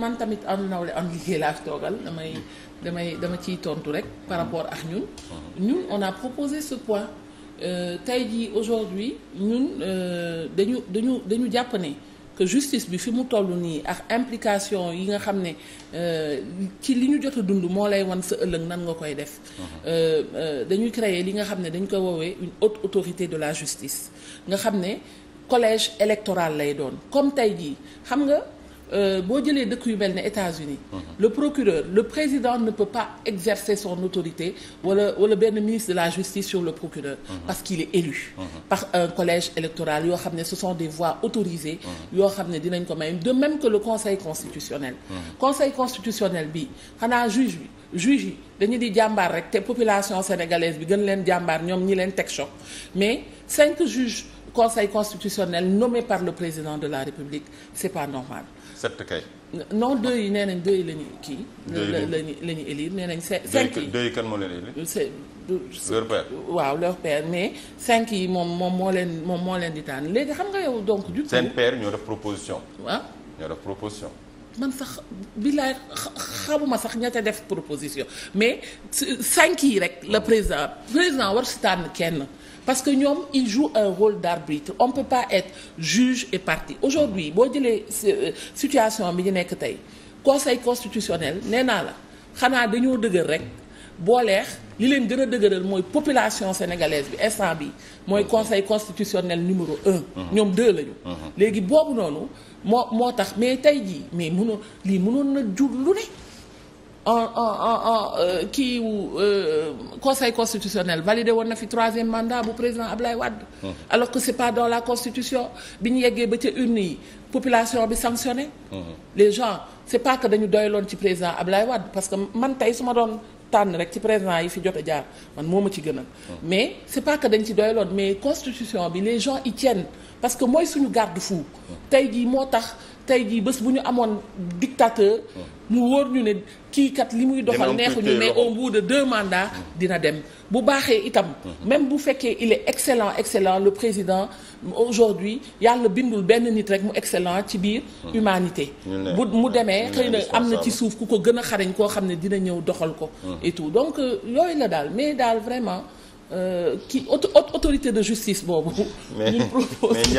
man tamit am nawle am liggéey laa fi toogal damay damay dama ciy tontu rek par rapport ak ñun ñun on a proposé ce point euh, tey jii aujourd'hui ñun euh, dañu dañu dañu jàpp ne que justice bi fi mu toll nii ak implication yi nga xam ne euh, ci li ñu jot dund moo lay wan sa ëllëg nan nga koy def uh-huh. dañuy créer li nga xam ne dañ koy woowee une haute autorité de la justice nga xam ne collège électoral lay doon comme tey jii xam nga Euh, boo jëlee dëkk yu mel ne États-Unis mhm. le procureur le président ne peut pas exercer son autorité wala wala benn ministre de la justice sur le procureur mhm. parce qu'il est élu mhm. par un collège électoral yoo xam ne ce sont des voix autorisées yoo xam ne dinañ ko may de même que le conseil constitutionnel conseil constitutionnel bi xanaa juge bi juge yi dañu di jàmbaar rek te population sénégalaise bi gën leen jàmbaar ñoom ñi leen teg choc mais cinq juges conseil constitutionnel nommés par le président de la république c'est pas normal. sept kay. non deux yi nee nañ yi la ñu kii. lañu yi la la ñu élire nee nañ. cinq yi deux yi kan moo leen élire. c'est leur père. waaw leur père mais cinq yi moom moom moo leen moom moo leen di tànn léegi xam nga yow donc. du coup seen père ñoo def proposition. waaw ah? ñoo def proposition. man sax billaay xamuma sax ña ca def proposition mais cinq yi rek la président président war si tànn kenn parce que ñoom il joue un rôle d'arbitre on peut pas être juge et partie aujourd'hui boo jëlee euh, situation bi ñu nekk tey conseil constitutionnel nee naa la xanaa dañoo dëgër rek booleex li leen gën a dëgëral mooy population sénégalaise bi instant bi mooy conseil constitutionnel numéro un. Mhm. ñoom deux lañu. Mhm. léegi boobu noonu moo moo tax mais tey jii mais mënoo lii mënoon na jur lu ne. en en en euh, kii euh, conseil constitutionnel validé woon na fi troisième mandat bu président Ablaye Wade. Mhm. alors que c'est pas dans la constitution bi ñu yeggee ba ca urne yi population bi sanctionné. les gens c'est pas que dañu doyloon ci président Ablaye Wade parce que man tey su ma doon. tànn rek ci président yi fi jot a jaar man moo ma ci gënal. Ah. mais c'est pas que dañ ci doyloon mais constitution bi les gens y parce que mooy suñu garde-fou. Ah. tey jii moo tax. tey jii bés bu ñu amoon dictateur mu wóor ñu ne kii kat li muy doxal neexuñu mais au bout de deux mandats dina dem bu baaxee itam même bu fekkee il est excellent excellent le président aujourd'hui yàlla bindul benn nit rek mu excellent ci biir humanité bu mu demee xëy na am na ci suuf ku ko gën a xarañ koo xam ne dina ñëw doxal ko et donc euh, yooyu la daal mais daal vraiment euh, ki autorité de justice boobu ñu propose